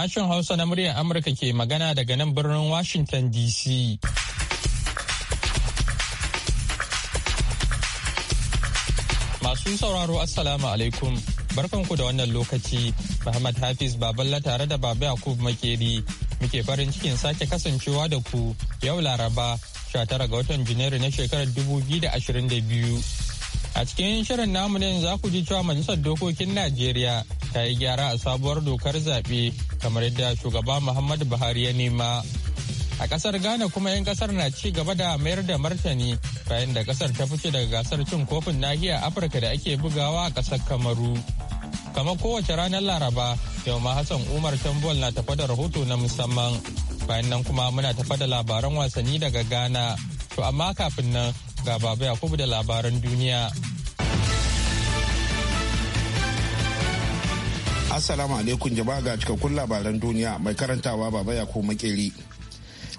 Sashen Hausa na muryar Amurka ke magana daga nan birnin Washington DC. Masu sauraro Assalamu alaikum. Barkanku da wannan lokaci, Muhammad Hafiz Baballa tare da Baba Yakub Makeri muke farin cikin sake kasancewa da ku yau Laraba 19 ga watan Janairu na shekarar 2022. A cikin shirin namu ne za ku ji cewa Majalisar Dokokin Najeriya ta yi gyara a sabuwar dokar zaɓe kamar yadda shugaba muhammadu buhari ya nema a kasar ghana kuma 'yan kasar na ci gaba da mayar da martani bayan da kasar ta fice daga gasar cin kofin nahiyar afirka da ake bugawa a kasar kamaru kamar kowace ranar laraba yau ma hassan umar tambol na tafa da rahoto na musamman bayan nan kuma muna tafa da labaran wasanni daga ghana to amma kafin nan ga baba yakubu da labaran duniya Assalamu alaikum jama'a ga cikakkun labaran duniya mai karantawa baba ya ko makeri.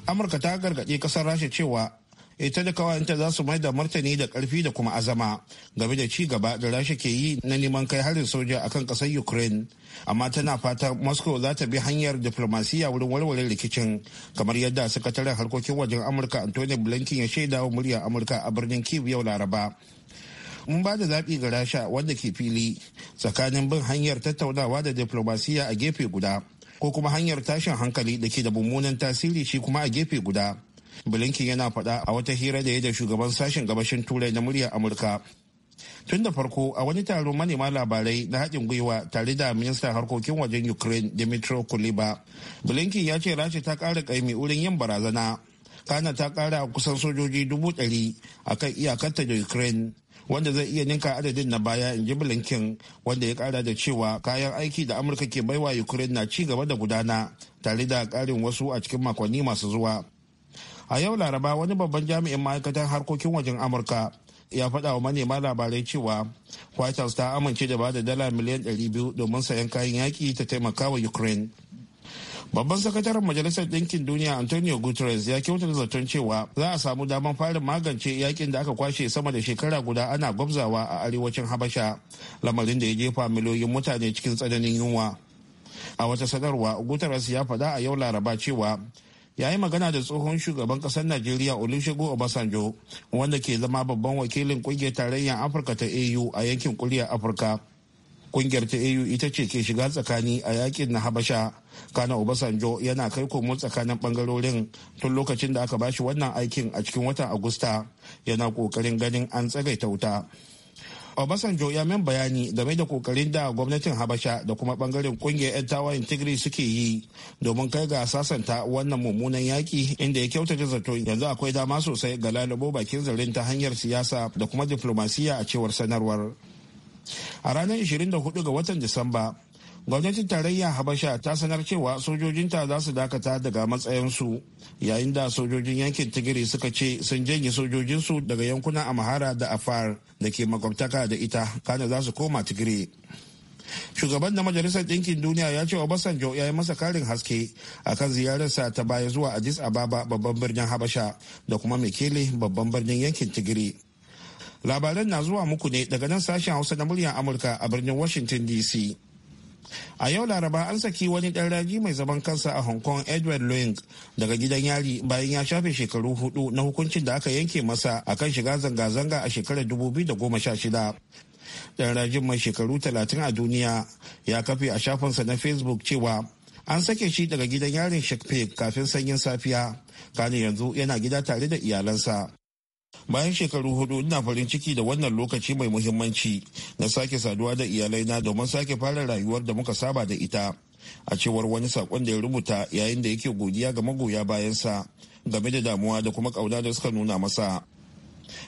Amurka ta gargaɗe ƙasar Rasha cewa ita da kawayenta za su mai da martani da karfi da kuma azama game da ci gaba da rasha ke yi na neman kai harin soja akan ƙasar ukraine amma tana fata moscow za ta bi hanyar diplomasiya wurin warware rikicin kamar yadda sakataren harkokin wajen amurka antony blinken ya shaida wa muryar amurka a birnin kiev yau laraba mun ba da zaɓi ga rasha wanda ke fili tsakanin bin hanyar tattaunawa da diplomasiya a gefe guda ko kuma hanyar tashin hankali da ke da mummunan tasiri shi kuma a gefe guda blinken yana faɗa a wata hira da ya da shugaban sashen gabashin turai na muryar amurka tun da farko a wani taron manema labarai na haɗin gwiwa tare da ministan harkokin wajen ukraine dimitro kuliba blinken ya ce rasha ta ƙara ƙaimi wurin yin barazana kana ta ƙara kusan sojoji dubu ɗari a kan iyakarta da ukraine wanda zai iya ninka adadin na baya in ji blinken wanda ya kara da cewa kayan aiki da amurka ke baiwa ukraine na ci gaba da gudana tare da karin wasu a cikin makonni masu zuwa a yau laraba wani babban jami'in ma'aikatan harkokin wajen amurka ya faɗa wa manema labarai cewa white house ta amince da bada dala miliyan 200 domin sayan kayan yaki ta taimaka wa ukraine babban sakataren majalisar ɗinkin duniya antonio guterres ya kyautata zaton cewa za a samu damar fara magance yakin da aka kwashe sama da shekara guda ana gwabzawa a arewacin habasha lamarin da ya jefa miliyoyin mutane cikin tsananin yunwa a wata sanarwa guterres ya faɗa a yau laraba cewa ya yi magana da tsohon shugaban ƙasar najeriya olusegun obasanjo wanda ke zama babban wakilin ƙungiyar tarayyar afirka ta au a yankin kuryar afirka kungiyar ta au ita ce ke shiga tsakani a yakin na habasha kana obasanjo yana kai komo tsakanin bangarorin tun lokacin da aka bashi wannan aikin a cikin watan agusta yana kokarin ganin an tsagaita wuta obasanjo ya min bayani game da kokarin da gwamnatin habasha da kuma bangaren kungiyar 'yan tawayen tigray suke yi domin kai ga sasanta wannan mummunan yaki inda ya kyautata zato yanzu akwai dama sosai ga lalubo bakin zarin ta hanyar siyasa da kuma diflomasiyya a cewar sanarwar a ranar 24 ga watan disamba gwamnatin tarayya habasha ta sanar cewa sojojinta za su dakata daga matsayinsu yayin da sojojin yankin tigiri suka ce sun janye sojojinsu daga yankunan amhara da afar da ke makwabtaka da ita kana za su koma tigiri shugaban na majalisar ɗinkin duniya ya ce obasanjo ya yi masa karin haske akan ziyararsa ta baya zuwa addis ababa babban birnin habasha da kuma mekele babban birnin yankin tigiri labaran na zuwa muku ne daga nan sashen hausa na muryar amurka a birnin washington dc a yau laraba an saki wani dan raji mai zaman kansa a hong kong edward Luing daga gidan yari bayan ya shafe shekaru hudu na hukuncin da aka yanke masa a kan shiga zanga-zanga a shekarar 2016 dan rajin mai shekaru 30 a duniya ya kafe a shafinsa na facebook cewa an sake shi daga gidan yarin shakfe kafin sanyin safiya kane yanzu yana gida tare da iyalansa bayan shekaru hudu ina farin ciki da wannan lokaci mai muhimmanci na sake saduwa da iyalaina domin sake fara rayuwar da muka saba da ita a cewar wani sakon da ya rubuta yayin da yake godiya ga magoya bayansa game da damuwa da kuma kauna da suka nuna masa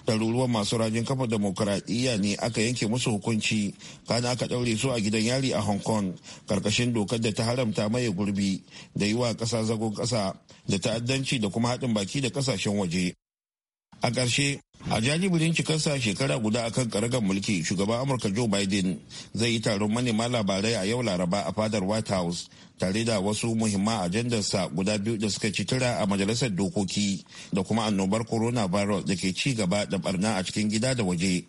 ɗaruruwan masu rajin kafa demokuraɗiyya ne aka yanke musu hukunci kana aka ɗaure su a gidan yari a hong kong karkashin dokar da ta haramta maye gurbi da yi wa ƙasa zagon ƙasa da ta'addanci da kuma haɗin baki da ƙasashen waje a ƙarshe a jajibirin cikarsa shekara guda akan karagar mulki shugaban amurka joe biden zai yi taron manema labarai a yau laraba a fadar white house tare da wasu muhimman ajandarsa guda biyu da suka ci tura a majalisar dokoki da kuma annobar coronavirus da ke ci gaba da barna a cikin gida da waje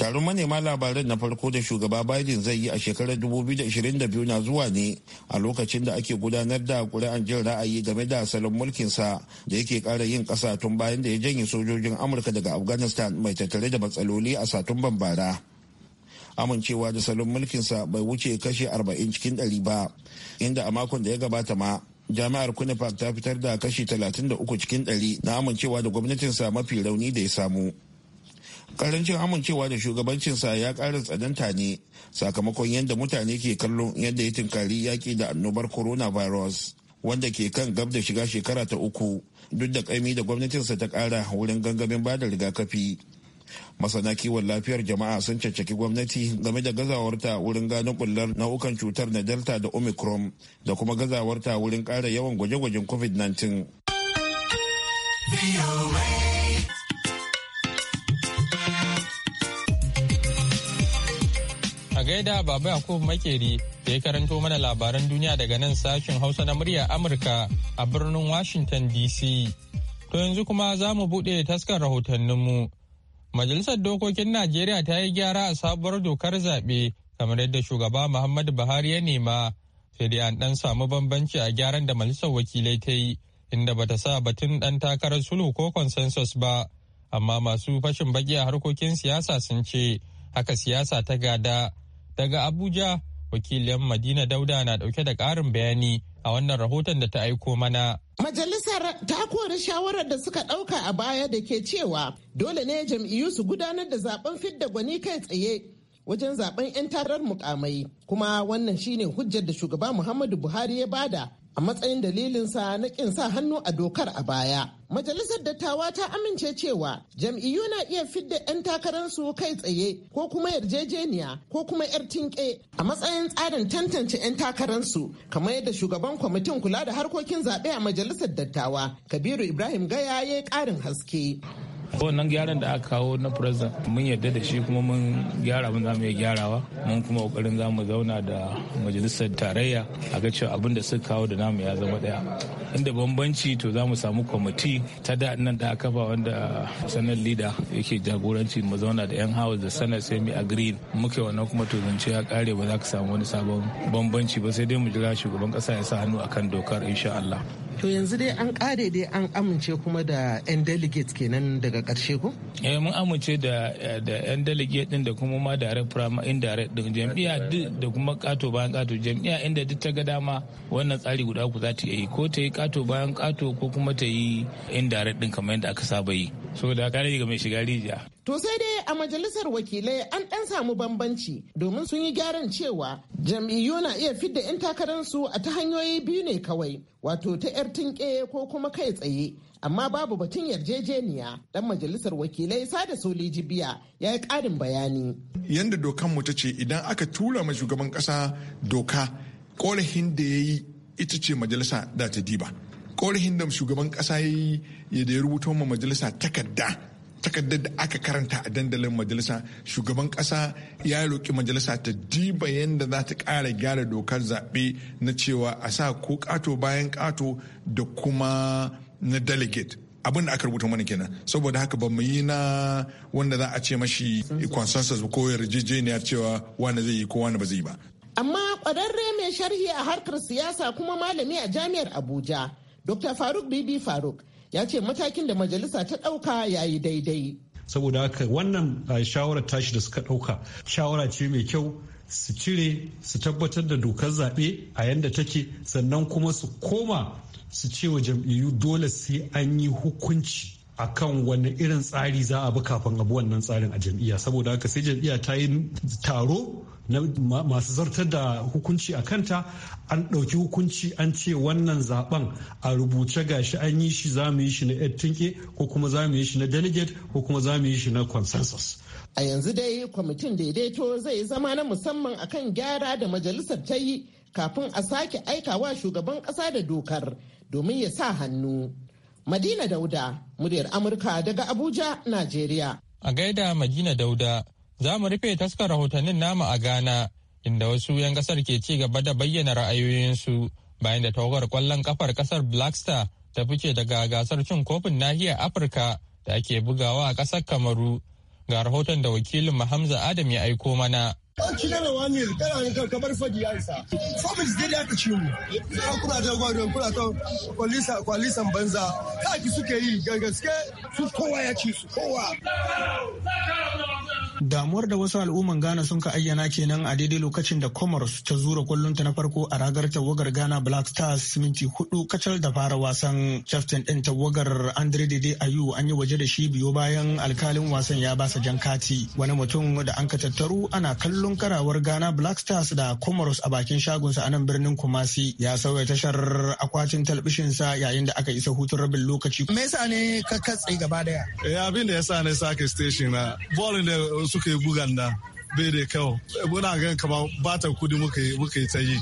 taron manema labaran na farko da shugaba biden zai yi a shekarar 2022 na zuwa ne a lokacin da ake gudanar da kuri'an jin ra'ayi game da salon mulkinsa da yake kara yin kasa tun bayan da ya janye sojojin amurka daga afghanistan mai tattare da matsaloli a satumban bara amincewa da salon mulkinsa bai wuce kashe 40 cikin 100 ba inda a makon da ya gabata ma jami'ar kunifak ta fitar da kashi 33 cikin 100 na amincewa da gwamnatinsa mafi rauni da ya samu karancin amincewa da shugabancinsa ya ƙara tsananta ne sakamakon yadda mutane ke kallon yadda ya tunkari yaƙi da annobar coronavirus wanda ke kan gab da shiga shekara ta uku duk da ƙaimi da gwamnatinsa ta ƙara wurin gangamin bada rigakafi masana kiwon lafiyar jama'a sun caccaki gwamnati game da gazawarta wurin gano bullar nau'ukan cutar na delta da omicron da kuma gazawarta wurin ƙara yawan gwaje-gwajen covid-19 gaida Baba Yakubu Makeri da ya karanto mana labaran duniya daga nan sashen Hausa na murya Amurka a birnin Washington DC. To yanzu kuma za mu buɗe taskar rahotanninmu. Majalisar Dokokin Najeriya ta yi gyara a sabuwar dokar zaɓe kamar yadda shugaba Muhammadu Buhari ya nema. Sai dai an ɗan samu bambanci a gyaran da majalisar wakilai ta yi, inda bata sa batun ɗan takarar sulhu ko consensus ba. Amma masu fashin baki a harkokin siyasa sun ce, haka siyasa ta gada Daga Abuja, wakilin Madina Dauda na dauke da ƙarin bayani a wannan rahoton da ta aiko mana. Majalisar ta kori shawarar da suka ɗauka a baya da ke cewa dole ne jam'iyyu su gudanar da zaben fidda gwani kai tsaye wajen zaben 'yan tarar mukamai kuma wannan shine hujjar da shugaba Muhammadu Buhari ya bada a matsayin dalilinsa na ƙin sa hannu a dokar a baya. Majalisar dattawa ta amince cewa jam'iyyu na iya fidda 'yan takararsu kai tsaye ko kuma yarjejeniya ko kuma 'yar tinke a matsayin tsarin tantance 'yan takararsu kamar yadda shugaban kwamitin kula da harkokin zaɓe a majalisar dattawa Kabiru Ibrahim Gaya ya ƙarin haske. wannan gyaran da aka kawo na president mun yarda da shi kuma mun gyara mun zamu iya gyarawa mun kuma kokarin zamu zauna da majalisar tarayya a ga cewa abin da suka kawo da namu ya zama daya inda bambanci to zamu samu kwamiti ta da nan da aka ba wanda sanar leader yake jagoranci mu zauna da yan house da sanar sai mu agree muke wannan kuma to zance ya kare ba za ka samu wani sabon bambanci ba sai dai mu jira shugaban kasa ya sa hannu akan dokar insha Allah to yanzu dai an kare dai an amince kuma da 'yan delegate kenan daga karshe ko? eh mun amince da 'yan delegate din da kuma ma direct prime indirect din da kuma kato bayan kato jami'a inda duk ta ga dama wannan tsari guda ku za ta yi ko ta yi kato bayan kato ko kuma ta yi indirect din kamar yadda aka saba yi saboda kare ga mai shiga rijiya To sai dai a majalisar wakilai an ɗan samu bambanci domin sun yi gyaran cewa jam'iyyu na iya fidda 'yan takararsu a ta hanyoyi biyu ne kawai wato ta 'yar tinƙe ko kuma kai tsaye. Amma babu batun yarjejeniya ɗan majalisar wakilai sada soli jibiya ya yi ƙarin bayani. Yanda dokanmu ta ce idan aka tura ma shugaban ƙasa doka ƙorafin da ya yi ita ce majalisa da ta diba. Ƙorafin da shugaban ƙasa ya yi ya da ya rubuta ma majalisa takarda takardar da aka karanta a dandalin majalisa shugaban kasa ya roƙi majalisa ta diba yadda za ta ƙara gyara dokar zaɓe na cewa a sa ko ƙato bayan ƙato da kuma na delegate abin da aka rubuta mana kenan saboda haka ba mu yi na wanda za a ce mashi consensus ko yarjejeniyar cewa wani zai yi ko wani ba zai ba amma ƙwararre mai sharhi a harkar siyasa kuma malami a jami'ar abuja dr faruk bibi faruk ya ce matakin da majalisa ta ɗauka ya yi daidai. saboda haka wannan shawarar tashi da suka ɗauka shawara ce mai kyau su cire su tabbatar da dokar zaɓe a yadda take sannan kuma su koma su ce wa jam'iyyu dole sai an yi hukunci a kan wani irin tsari za a bi kafin abu wannan tsarin a jam'iyya saboda haka sai jam'iyya ta yi taro na masu zartar da hukunci a kanta an ɗauki hukunci an ce wannan zaben a rubuce gashi an yi shi za mu yi shi na tinke ko kuma za mu yi shi na delegate ko kuma za mu yi shi na consensus a yanzu dai kwamitin daidaito zai zama na musamman akan gyara da majalisar ta yi kafin a sake aikawa shugaban ƙasa da dokar domin ya sa hannu Madina Dauda, muryar Amurka daga Abuja, Najeriya. A gaida Madina Dauda, za mu rufe taskar rahotannin nama a Ghana, inda wasu 'yan kasar ke ci gaba da bayyana ra'ayoyinsu bayan da tawagar kwallon kafar kasar Blackstar ta fice daga gasar cin kofin nahiyar Afirka da ake bugawa a kasar Kamaru. Ga rahoton da wakilin Hamza Adam ya aiko mana. kina da wani kana ne kamar fadi ya isa fomis dai ya kace mu kuna da gwadon kuna ta kwalisa kwalisan banza kaki suke yi gaske su kowa ya ci su kowa damuwar da wasu al'umman ghana sun ka ayyana kenan a daidai lokacin da commerce ta zura kwallonta na farko a ragar tawagar ghana black stars minti hudu kacal da fara wasan captain din tawagar andre dede ayu an yi waje da shi biyo bayan alkalin wasan ya basa jan kati wani mutum da an ka tattaru ana kallon karawar ghana black stars da commerce a bakin shagonsa a nan birnin kumasi ya sauya tashar akwatin talbishinsa yayin da aka isa hutun rabin lokaci me yasa ne ka katse gaba daya eh, abin da sa ne sake station na suka yi bugan da bai da kyau muna gan kama batar kudi muka yi ta yi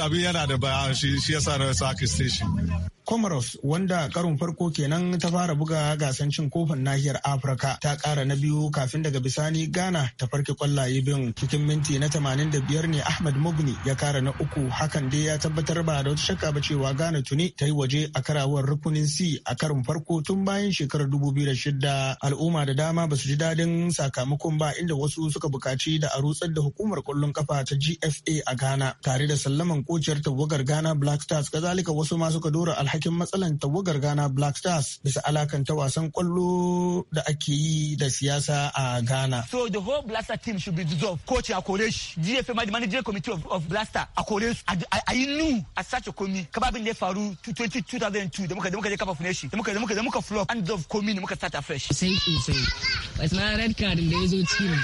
abin yana da bayan shi yasa na sake station comoros wanda karon farko kenan ta fara buga gasan cin kofin nahiyar afirka ta kara na biyu kafin daga bisani ghana ta farke kwallaye bin cikin minti na tamanin da biyar ne ahmad mugni ya kara na uku hakan dai ya tabbatar ba da wata shakka ba cewa ghana tuni ta yi waje a karawar rukunin c a karon farko tun bayan shekarar da 2006 al'umma da dama ba su ji daɗin sakamakon ba inda wasu suka bukaci da a rutsar da hukumar kwallon kafa ta gfa a ghana tare da sallaman kociyar tawagar ghana black stars kazalika wasu ma suka dora alhaji alhakin matsalan tawagar Ghana Black Stars bisa alakanta wasan kwallo da ake yi da siyasa a Ghana. So the whole Blaster team should be dissolved. Coach a kore shi. GFM the managing committee of, of Blaster a kore su. A yi nu a sace komi. bin da ya faru 2002 da muka da je kafa fune shi. Da muka da muka da muka flop and of komi da muka start afresh. Sai sai. Wasu na red card da ya zo cikin.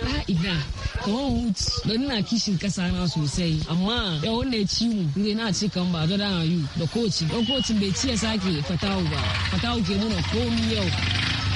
Ra'ida. Ah, Kawan Woods don na kishin kasa na sosai amma ya wanda ya ci mu. Ire na ce kan ba da da yi da coach. da coach kocin bai ci sake fatawu ba fatawu ke nuna komi yau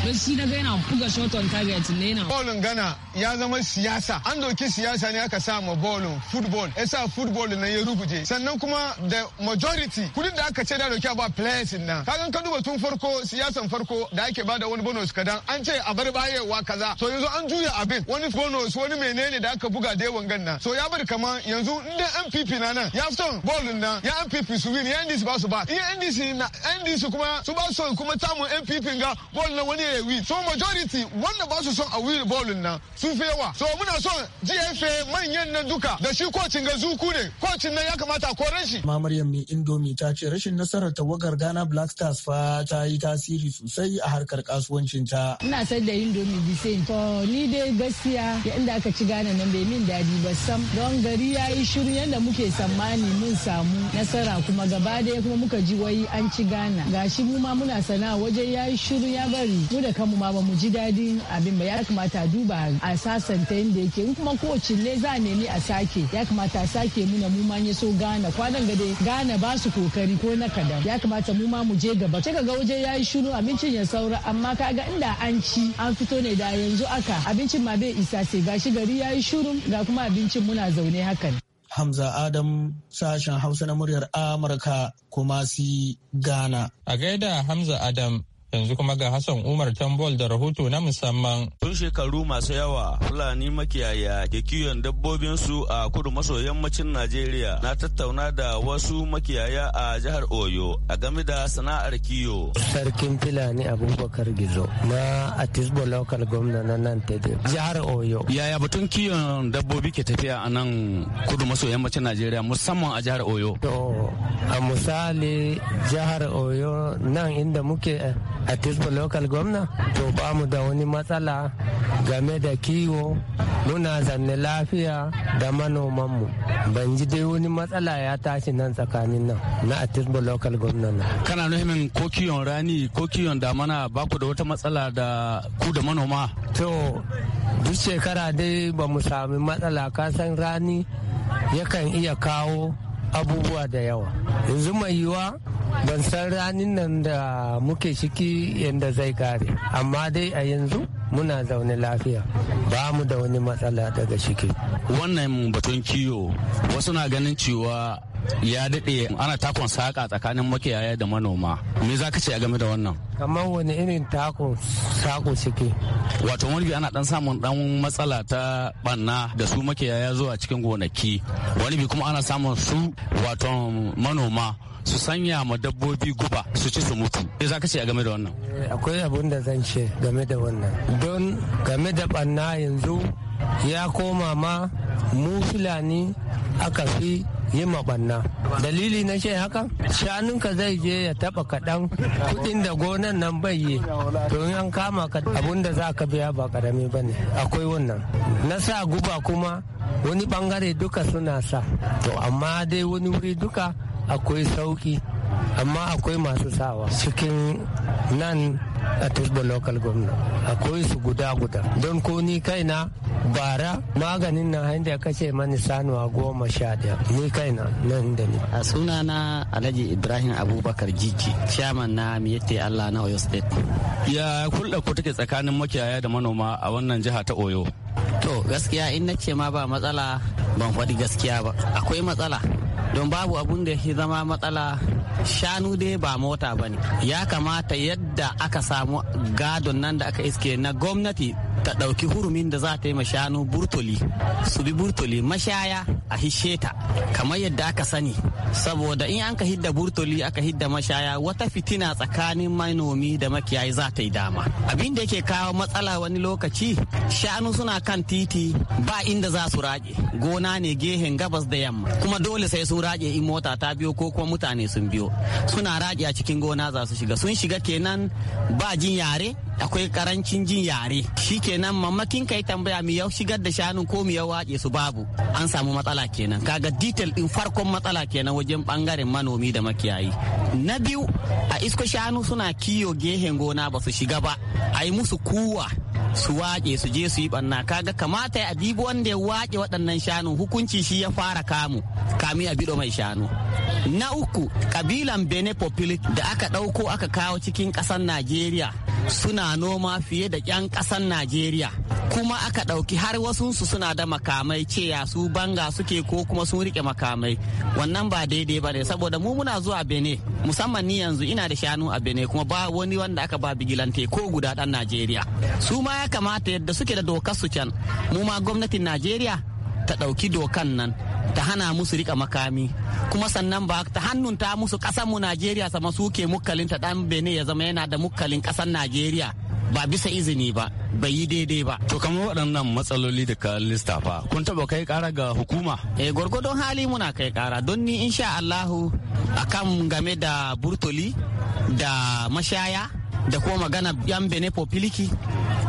don shi na ga yana buga shot on target ne na. bolin gana ya zama siyasa an doki siyasa ne aka sa ma bolin football sa football na ya rubuje sannan kuma da majority kudi da aka ce da doki ba players nan kagan ka duba tun farko siyasan farko da ake bada wani bonus kadan an ce a bar bayewa kaza to yanzu an juya abin wani bonus wani menene da aka buga da yawan ganna so ya bar kama yanzu inda MPP na nan ya fito bolin nan ya MPP su win ya NDC ba su ba iya NDC na NDC kuma su ba su kuma tamu MPP ga bolin wani yawi so majority wanda ba su son a wheel ballin nan su fi yawa so muna son gfa manyan nan duka da shi kocin ga zuku ne kocin nan ya kamata ko rashi. ma maryam mai indomi ta ce rashin nasarar tawagar ghana black stars fa ta yi tasiri sosai a harkar kasuwancin ta ina sayar da indomi bisen to ni dai gaskiya yanda aka ci ghana nan bai min dadi ba sam don gari ya yi shiru yanda muke tsammani mun samu nasara kuma gaba daya kuma muka ji wai an ci ghana gashi mu ma muna sana'a wajen ya yi shiru ya bari da kanmu ma ba mu ji dadin abin ba ya kamata a duba a sasanta yadda yake in kuma kowace ne za a nemi a sake ya kamata a sake muna mu ma so gana kwanan gade gana ba su kokari ko na kadan ya kamata mu ma mu je gaba ce ga waje ya yi shiru abincin ya saura amma kaga inda an ci an fito ne da yanzu aka abincin ma bai isa sai gashi gari ya yi shiru ga kuma abincin muna zaune hakan. Hamza Adam sashen Hausa na muryar Amurka kuma si Ghana. A gaida Hamza Adam Yanzu kuma ga Hassan Umar Tambol da rahoto na musamman. Tun shekaru masu yawa Fulani makiyaya ke kiwon dabbobinsu a kudu maso yammacin Najeriya na tattauna da wasu makiyaya a jihar Oyo a game da sana'ar kiyo. Sarkin Fulani Abubakar Gizo na Atisbo Local Gwamna na nan tebe. jihar Oyo. Yaya batun kiwon dabbobi ke tafiya a nan kudu maso yammacin Najeriya musamman a jihar Oyo? To a misali jihar Oyo nan inda muke a Tisbo local gwamna to ba mu da wani matsala game da kiwo muna zanne lafiya da manomanmu ban ji dai wani matsala ya tashi nan tsakanin nan na a Tisbo local gwamna na. Kana nuhimin ko kiwon rani ko kiwon damana ba ku da wata matsala da ku da manoma? To duk shekara dai ba mu sami matsala kasan rani yakan iya kawo abubuwa da yawa yanzu mai yiwa ban san ranin nan da muke ciki yadda zai kare amma dai a yanzu muna zaune lafiya ba mu da wani matsala daga ciki wannan batun kiyo wasu na ganin cewa ya daɗe ana takon saƙa tsakanin makiyaya da manoma me za ka ce a game da wannan kamar wani irin takon saƙo suke wato wani ana dan samun dan matsala ta ɓanna da su makiyaya zuwa cikin gonaki wani bi kuma ana samun su wato manoma su sanya ma dabbobi guba su ci su mutu me za ka ce a game da wannan eh, akwai abun da zan ce game da wannan don game da ɓanna yanzu ya koma ma mu fulani aka fi yi maɓanna dalili na ce haka shanunka zai je ya taɓa kaɗan kuɗin da gonan nan bai yi to an kama ka abun da za ka biya ba ƙarami ba ne akwai wannan na sa guba kuma wani ɓangare duka suna sa to amma dai wani wuri duka akwai sauki amma akwai masu sawa cikin nan a turba local government akwai su guda guda don ko ni kaina bara maganin na hanyar ya kace mani sanuwa goma sha daya ni kaina nan da ni a suna na alhaji ibrahim abubakar jiji chairman na miyete allah na oyo state ya kulɗa ko take tsakanin makiyaya da manoma a wannan jiha ta oyo to gaskiya in na ce ma ba matsala ban faɗi gaskiya ba akwai matsala don babu abun da ya zama matsala shanu dai ba mota ba ne ya kamata yadda aka samu gadon nan da aka iske na gwamnati ta ɗauki hurumin da za ta yi mashanu burtoli su bi burtoli mashaya a hishe ta kamar yadda aka sani saboda in an ka hidda burtoli aka hidda mashaya wata fitina tsakanin manomi da makiyayi za ta yi dama abin da yake kawo matsala wani lokaci shanu suna kan titi ba inda za su rage gona ne gehen gabas da yamma kuma dole sai sun rage in mota ta biyo ko kuma mutane sun biyo suna rage a cikin gona za su shiga sun shiga kenan ba jin yare akwai karancin jin yare shi kenan mamakin yi tambaya mi yau shigar da shanu ko mi yau wace su babu an samu matsala kenan kaga detail din farkon matsala kenan wajen bangaren manomi da makiyayi na biyu a isko shanu suna kiyo gehen gona ba su shiga ba a yi musu kuwa su wace su je su yi kaga kamata a bi wanda ya wake waɗannan shanu hukunci shi ya fara kamu kami a biɗo mai shanu na uku kabilan bene populic da aka ɗauko aka kawo cikin ƙasar najeriya suna noma fiye da 'yan ƙasan Najeriya. Kuma aka ɗauki har wasunsu suna da makamai ceya su banga suke ko kuma sun rike makamai. Wannan ba daidai ba ne saboda mu muna zuwa Bene musamman ni yanzu ina da shanu a Bene kuma ba wani wanda aka ba bigilante ko guda dan Najeriya. Su ma ya kamata yadda suke da dokar su can. Mu ma gwamnatin Najeriya ta ɗauki dokan nan ta hana musu rika makami kuma sannan ba ta hannun ta musu ƙasar mu Najeriya sama suke mukkalin ta dan bene ya zama yana da mukkalin ƙasar Najeriya ba bisa izini ba bai yi daidai ba. To kamar waɗannan matsaloli da ka kun taɓa kai ƙara ga hukuma? Eh gwargwadon hali muna kai ƙara don ni insha Allahu akan game da burtoli da mashaya da kuma magana yan bene popiliki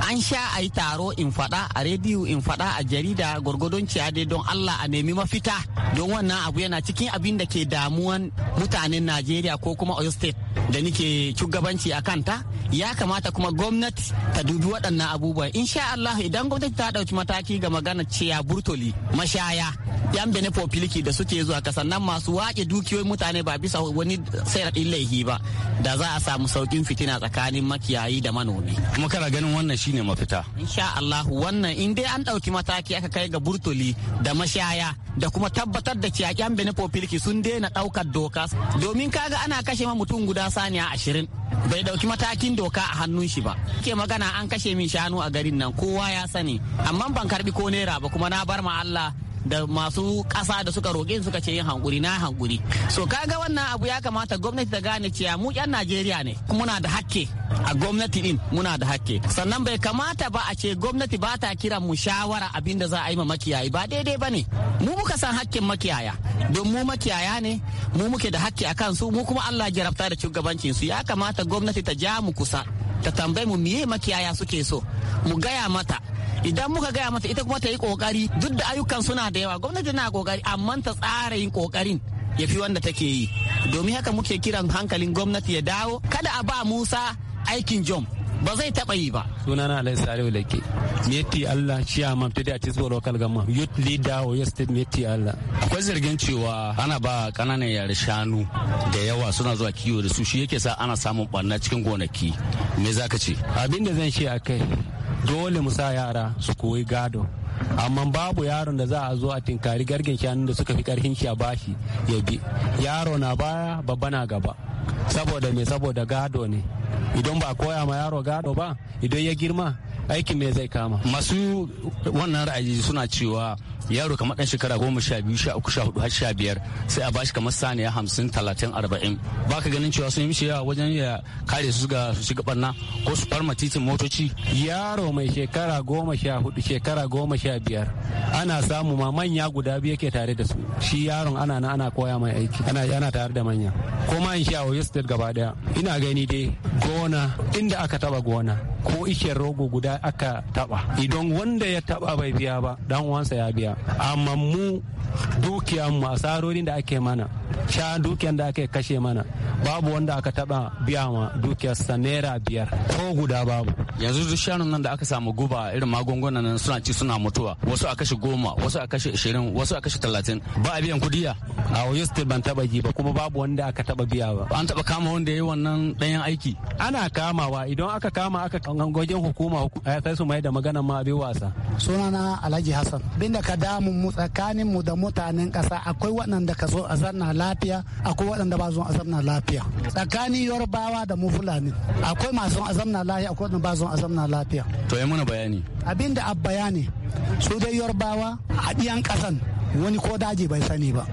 an sha a yi taro in faɗa a rediyo in faɗa a jarida gwargwadon dai don allah a nemi mafita don wannan abu yana cikin abin da ke damuwan mutanen najeriya ko kuma oyo state da nike shugabanci a kanta ya kamata kuma gwamnati ta dubi waɗannan abubuwan insha Allah idan gwamnati ta ɗauki mataki ga magana ciya burtoli mashaya yan bene popiliki da suke zuwa kasan nan masu waƙe dukiyoyin mutane ba bisa wani sayarɗin laihi ba da za a samu sauƙin fitina tsakanin makiyayi da manomi. kuma kana ganin wannan shine mafita. insha Allah wannan in dai an ɗauki mataki aka kai ga burtoli da mashaya da kuma tabbatar da ciya yan bene popiliki sun daina ɗaukar doka domin kaga ana kashe ma mutum guda kira saniya ashirin bai dauki matakin doka a hannun shi ba ke magana an kashe min shanu a garin nan kowa ya sani amma ban karbi ko naira ba kuma na bar ma Allah da masu ƙasa da suka roƙe suka ce yin hankuri na hankuri so ga wannan abu ya kamata gwamnati ta gane cewa mu yan najeriya ne kuma muna da hakke a gwamnati din muna da hakke sannan bai kamata ba a ce gwamnati ba ta kiran mu shawara abin da za a yi ma makiyayi ba daidai ba ne mu muka san hakkin makiyaya don mu makiyaya ne mu muke da hakki akan su mu kuma Allah jarabta da shugabancin su ya kamata gwamnati ta ja mu kusa ta tambaye mu miye makiyaya suke so mu gaya mata idan muka gaya mata ita kuma ta yi kokari duk da ayyukan suna da yawa gwamnati na kokari amma ta tsara yin kokarin ya fi wanda take yi domin haka muke kiran hankalin gwamnati ya dawo kada a ba musa aikin jom ba zai taɓa yi ba. sunana alhaji salihu lake meti allah chairman fidi a tisbo local Gama. youth leader oyo state meti allah. akwai zargin cewa ana ba kananan yare shanu da yawa suna zuwa kiwo da su shi yake sa ana samun barna cikin gonaki me za ka ce. abin da zan ce a kai dole mu sa yara su koyi gado amma babu yaron da za a zo a tinkari gargin shanu da suka fi karfin shi a bashi ya bi yaro na baya babba na gaba saboda me saboda gado ne idan ba koya ma yaro gado ba idan ya girma aikin me zai kama masu wannan ra'ayi suna cewa yaro kamar ɗan shekara goma sha biyu sha uku sha hudu har sha biyar sai a bashi kamar saniya hamsin talatin arba'in ba ka ganin cewa sun yi mishi yawa wajen ya kare su ga su shiga barna ko su farma titin motoci yaro mai shekara goma sha hudu shekara goma sha biyar ana samu ma manya guda biyu yake tare da su shi yaron ana na ana koya mai aiki ana yana tare da manya ko ma in sha oyo state gaba daya ina gani dai gona inda aka taba gona ko iken rogo guda aka taba idan wanda ya taba bai biya ba dan uwansa ya biya amma mu dukiyan mu asarorin da ake mana sha dukiyan da ake kashe mana babu wanda aka taba biya ma dukiyar sa naira biyar ko guda babu yanzu duk shanun nan da aka samu guba irin magungunan nan suna ci suna mutuwa wasu a kashe goma wasu a kashe ashirin wasu a kashe talatin ba a biyan kudiya a oyo ban taba ji ba kuma babu wanda aka taba biya ba an taba kama wanda ya yi wannan ɗanyen aiki ana kamawa idan aka kama aka gangogin hukuma sai eh, su mai da magana ma abin wasa sunana alhaji hassan binda ka damu mu tsakanin mu da mutanen kasa akwai waɗanda ka zo a zanna lafiya akwai waɗanda ba zo a zanna lafiya tsakanin yorubawa da mu fulani akwai masu a zanna lafiya akwai waɗanda ba zo a zanna lafiya to yi mana bayani da a bayani su dai yorubawa a ɗiyan ƙasan wani ko daji bai sani ba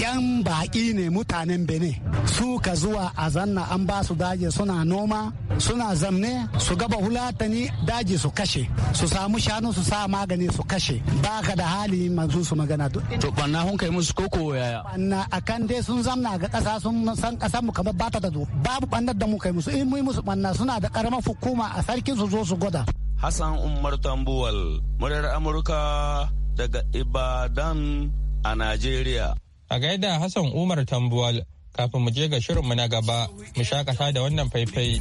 yan baƙi ne mutanen benin su ka zuwa a zanna an ba su daji suna noma suna zamne su gaba hulatani daji su kashe su samu shanu su sa magani su kashe ba ka da hali masu su magana to banna hun kai musu koko yaya banna akan dai sun zamna ga kasa sun san ƙasar mu kamar bata da babu bannar da mu kai musu in mu musu banna suna da karamar hukuma a sarkin su zo su gwada Hassan Umar Tambuwal, Murar Amurka daga Ibadan a Najeriya. A gaida Hassan Umar Tambuwal kafin mu je ga shirinmu na gaba mu shakata da wannan faifai.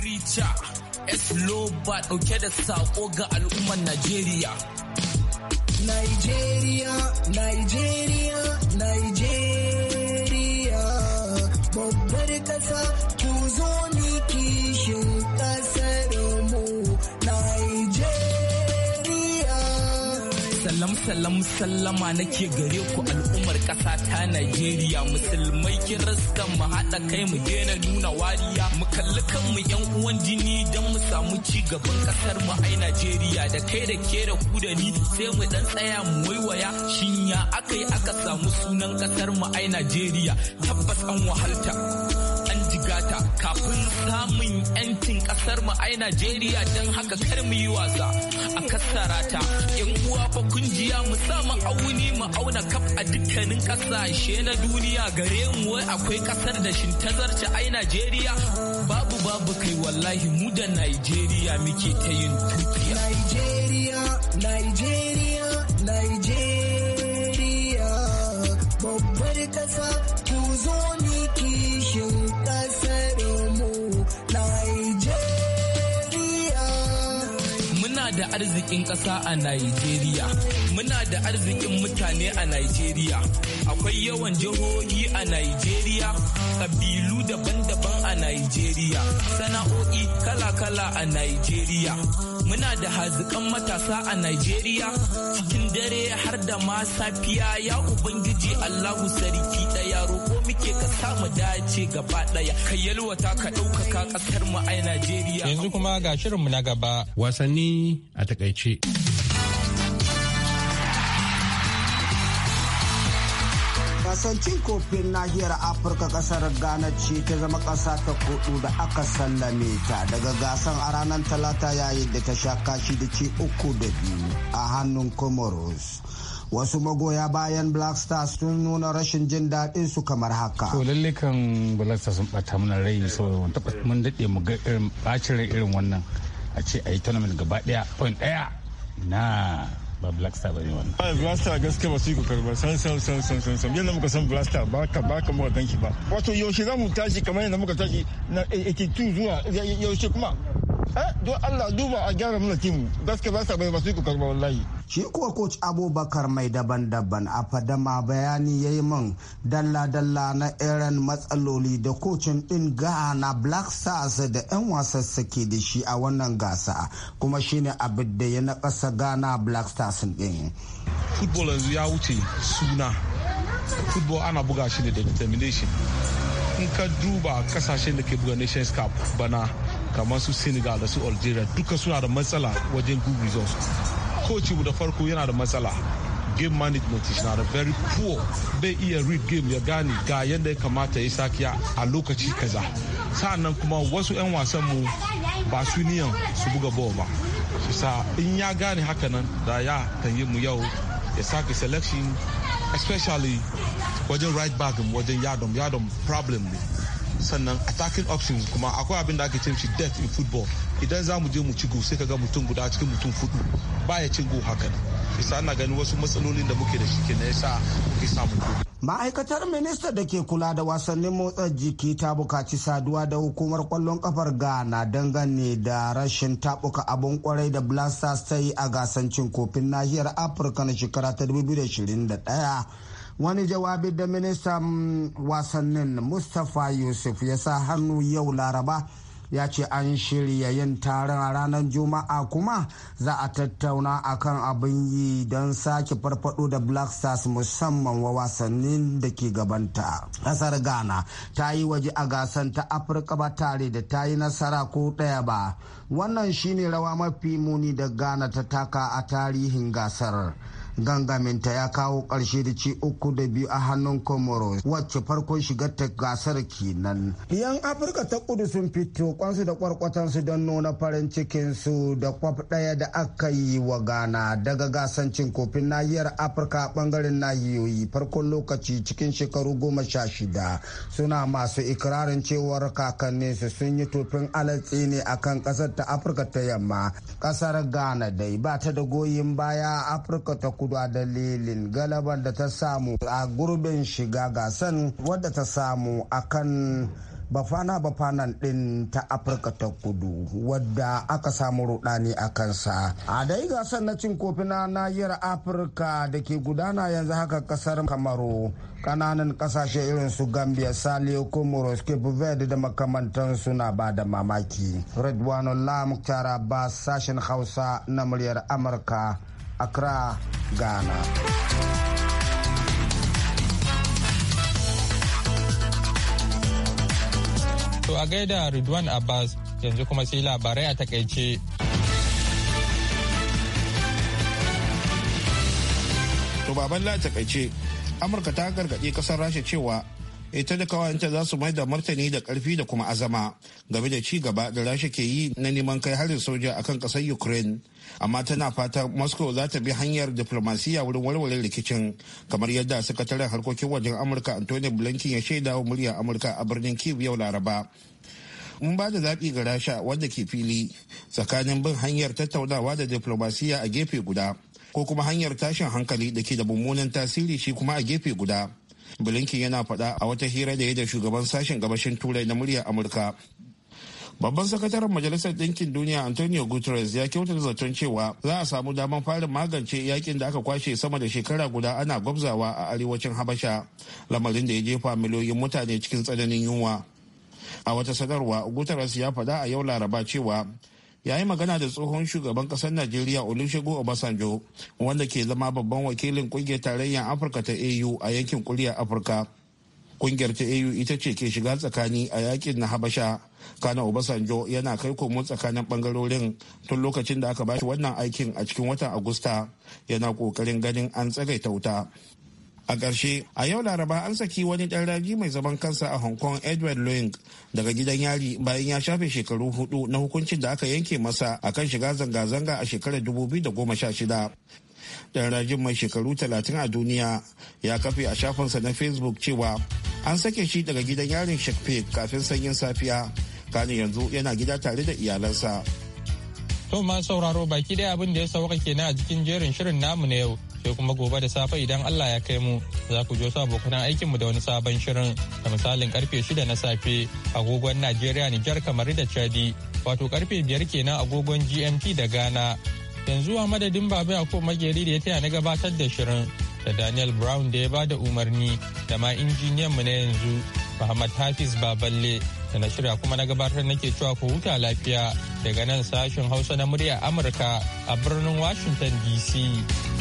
Esloba ɗauke da saƙo ga al'ummar Najeriya. Nigeria, Nigeria, Nigeria. salam sallama nake gare ku al'ummar ƙasa ta Najeriya musulmai kin raska mu haɗa kai mu daina nuna wariya mu kalli kan mu yan uwan jini don mu samu ci gaban ƙasar mu ai Najeriya da kai da ke da ku da ni sai mu dan tsaya mu waiwaya shinya akai aka samu sunan ƙasar mu ai Najeriya tabbas an wahalta an jigata kafin samun 'yanci kasar mu ai Najeriya don haka kar mu yi wasa a kassara ta yan uwa fa kungiya mu sa mu auni mu auna kaf a dukkanin kasashe na duniya gare mu wai akwai kasar da shin tazarce ai Najeriya babu babu kai wallahi mu da Najeriya muke ta yin tukiya Najeriya Najeriya Najeriya babbar kasa ku zo ni kishin arzikin ƙasa a Najeriya. Muna da arzikin mutane a Najeriya. Akwai yawan jihohi a Najeriya, ƙabilu daban-daban a Najeriya, sana'o'i kala-kala a Najeriya. Muna da hazikan matasa a Najeriya, cikin dare har da ma safiya ya Ubangiji Allahu Sarki ɗaya roƙo. muke ka samu dace gaba daya ka yalwata ka ɗaukaka ƙasar mu ai Najeriya. Yanzu kuma ga shirinmu na gaba. Wasanni a takaice. kasancin kofin nahiyar afirka kasar ghana ce ta zama ƙasa ta kudu da aka sallame ta daga gasan a ranar talata yayin da ta sha kashi da ce uku da biyu a hannun comoros wasu magoya bayan black stars sun nuna rashin jin daɗin su kamar haka to lalle kan black stars sun bata mana rai saboda mun daɗe mu ga irin bacin rai irin wannan a ce a yi tournament gaba ɗaya point ɗaya na ba black star ba ne wannan. ba black star gaskiya ba su yi kokari ba san san san san san san yadda muka san blaster ba ka ba ka muka ganki ba wato yaushe za mu tashi kamar yadda muka tashi na 82 zuwa yaushe kuma Eh, don Allah duba a gyara mana timu gaske ba sa bai ba su yi kokari wallahi shi coach abubakar mai daban-daban a fadama bayani ya man dalla-dalla na irin matsaloli da kocin din ghana black stars da 'yan wasan suke da shi a wannan gasa kuma shine abin da ya nakasa ghana black stars din football yanzu ya wuce suna football ana buga shi ne da determination in ka duba kasashen da ke buga nations cup bana kamar su senegal da su algeria duka suna da matsala wajen good results coach da farko yana da matsala game management is na da very poor bai iya read game ya gane ga yadda ya kamata ya sakiya a lokaci kaza sa'annan kuma wasu 'yan wasan mu ba su niyan su buga ball ba su sa in ya gane haka nan da ya yi mu yau ya sake selection especially wajen right back wajen yadom yadom problem ne sannan attacking options kuma akwai abin da ake ce shi death in football idan za mu je mu ci go sai ka ga mutum guda cikin mutum fudu ba ya cin go haka isa ana ganin wasu matsalolin da muke da shi kenan sa muke samu ma'aikatar minista da ke kula da wasannin motsa jiki ta bukaci saduwa da hukumar kwallon kafar ghana dangane da rashin tabuka abun kwarai da blasters ta yi a gasancin kofin nahiyar afirka na shekara ta 2021 wani jawabi da ministan wasannin mustapha yusuf ya sa hannu yau laraba ya ce an shirya yin taron ranar juma'a kuma za a tattauna akan abin yi don sake farfado da black stars musamman wa wasannin da ke gabanta kasar ghana ta yi waje a gasan ta afirka ba tare da ta yi nasara ko ɗaya ba wannan shine rawa mafi muni da ghana ta taka a tarihin gasar gangaminta ya kawo ƙarshe da ci uku da biyu a hannun comoros wacce farko shiga ta gasar kenan yan afirka ta kudu sun fito kwansu da kwarkwatansu don nuna farin cikinsu da kwaf ɗaya da aka yi wa ghana daga gasancin kofin nahiyar afirka bangaren nahiyoyi farkon lokaci cikin shekaru goma sha shida suna masu ikirarin cewar kakanninsu sun yi tofin alatsi ne akan ƙasar ta afirka ta yamma ƙasar ghana dai ba ta da goyon baya afirka ta kudu kudu a dalilin galaban da ta samu a gurbin shiga gasan wadda ta samu akan bafana bafana din ta afirka ta kudu wadda aka samu rudani a kansa a dai gasar na cin kofi na nahiyar afirka da ke gudana yanzu haka kasar kamaru kananan kasashe irin su gambia saliyo comoros cape verde da makamantan suna ba da mamaki lam tara ba sashen hausa na muryar amurka Accra, Ghana. To a gaida Ridwan Abbas yanzu kuma sai labarai a takaice. To baban la takaice Amurka ta gargaɗi ƙasar Rasha cewa ita eh, da kawayenta za su mai da martani da karfi da kuma azama game da ci gaba da rasha ke yi na neman kai harin soja akan kasar ukraine amma tana fata moscow za ta bi hanyar diplomasiya wurin warware rikicin kamar yadda sakataren harkokin wajen amurka antony blinken ya shaida wa muryar amurka a birnin kiev yau laraba mun ba da zaɓi ga rasha wanda ke fili tsakanin bin hanyar tattaunawa da diplomasiya a gefe guda ko kuma hanyar tashin hankali da ke da mummunan tasiri shi kuma a gefe guda blinken yana faɗa a wata hira da ya da shugaban sashen gabashin turai na muryar amurka babban sakataren majalisar ɗinkin duniya antonio guterres ya kyautata zaton cewa za a samu damar fara magance yakin da aka kwashe sama da shekara guda ana gwabzawa a arewacin habasha lamarin da ya jefa miliyoyin mutane cikin tsananin yunwa a wata sanarwa guterres ya faɗa a yau laraba cewa ya yi magana da tsohon shugaban kasar najeriya olusegun obasanjo wanda ke zama babban wakilin kungiyar tarayyar afirka ta au a yankin kuryar afirka kungiyar ta au ita ce ke shiga tsakani a yakin na habasha kana obasanjo yana kai komo tsakanin bangarorin tun lokacin da aka bashi wannan aikin a cikin watan agusta yana kokarin ganin an tsagaita wuta a ƙarshe a yau laraba an saki wani ɗan ragi mai zaman kansa a hong kong edward Luing daga gidan yari bayan ya shafe shekaru hudu na hukuncin da aka yanke masa a kan shiga zanga-zanga a shekarar 2016 ɗan rajin mai shekaru talatin a duniya ya kafe a shafinsa na facebook cewa an sake shi daga gidan yarin shakespeare kafin sanyin safiya kanin yanzu yana gida tare da iyalansa To masu sauraro baki ɗaya abin da ya sauka kenan a jikin jerin shirin namu na yau sai kuma gobe da safe idan Allah ya kai mu za ku jo sa abokan aikinmu da wani sabon shirin da misalin karfe 6 na safe agogon Najeriya Nijar kamar da Chadi wato karfe 5 kenan agogon GMT da Ghana yanzu a madadin Baba Yakubu Mageri da ya taya na gabatar da shirin da Daniel Brown da ya ba da umarni da ma injiniyan mu na yanzu Muhammad Hafiz Baballe da na shirya kuma na gabatar nake cewa ku huta lafiya daga nan sashen hausa na murya amurka a birnin washington dc